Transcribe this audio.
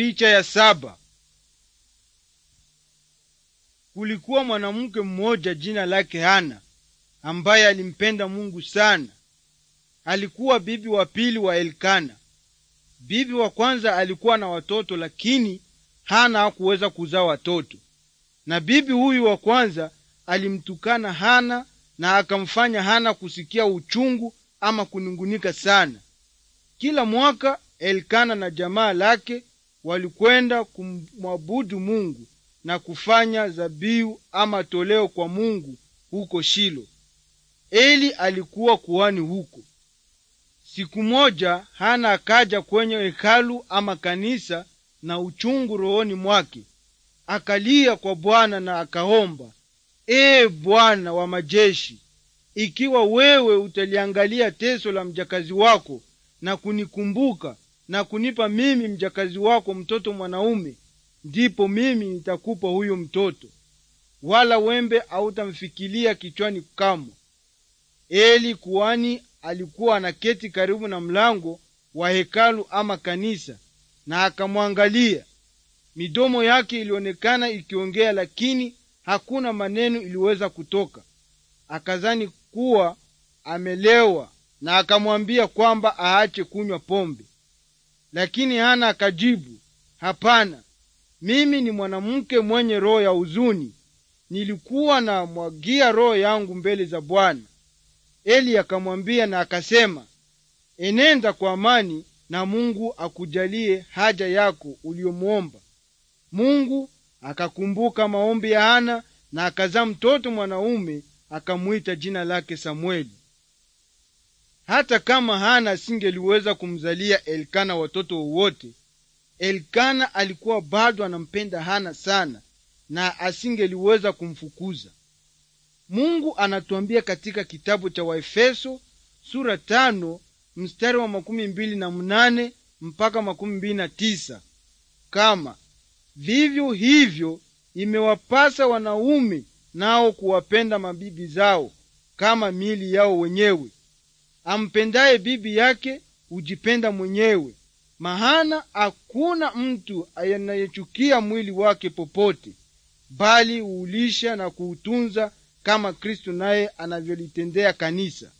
Picha ya saba. Kulikuwa mwanamke mmoja jina lake Hana ambaye alimpenda Mungu sana. Alikuwa bibi wa pili wa Elkana. Bibi wa kwanza alikuwa na watoto, lakini Hana hakuweza kuzaa watoto, na bibi huyu wa kwanza alimtukana Hana na akamfanya Hana kusikia uchungu ama kunungunika sana. Kila mwaka Elkana na jamaa lake walikwenda kumwabudu Mungu na kufanya zabiu ama toleo kwa Mungu huko Shilo. Eli alikuwa kuhani huko. Siku moja Hana akaja kwenye hekalu ama kanisa na uchungu rohoni mwake, akalia kwa Bwana na akaomba, Ee Bwana wa majeshi, ikiwa wewe utaliangalia teso la mjakazi wako na kunikumbuka na kunipa mimi mjakazi wako mtoto mwanaume, ndipo mimi nitakupa huyo mtoto, wala wembe hautamfikilia kichwani kamwe. Eli kuhani alikuwa anaketi karibu na mlango wa hekalu ama kanisa, na akamwangalia. Midomo yake ilionekana ikiongea, lakini hakuna maneno iliweza kutoka. Akazani kuwa amelewa, na akamwambia kwamba aache kunywa pombe. Lakini Hana akajibu, hapana, mimi ni mwanamke mwenye roho ya huzuni, nilikuwa na mwagia roho yangu mbele za Bwana. Eli akamwambia na akasema, enenda kwa amani, na Mungu akujalie haja yako uliyomwomba. Mungu akakumbuka maombi ya Hana na akazaa mtoto mwanaume, akamwita jina lake Samueli. Hata kama Hana asingeliweza kumzalia Elkana watoto wowote, Elkana alikuwa bado anampenda Hana sana na asingeliweza kumfukuza. Mungu anatuambia katika kitabu cha Waefeso sura tano mstari wa makumi mbili na mnane mpaka makumi mbili na tisa kama vivyo hivyo imewapasa wanaume nao kuwapenda mabibi zao kama mili yao wenyewe ampendaye bibi yake hujipenda mwenyewe, maana hakuna mtu anayechukia mwili wake popote, bali huulisha na kuutunza kama Kristo naye anavyolitendea kanisa.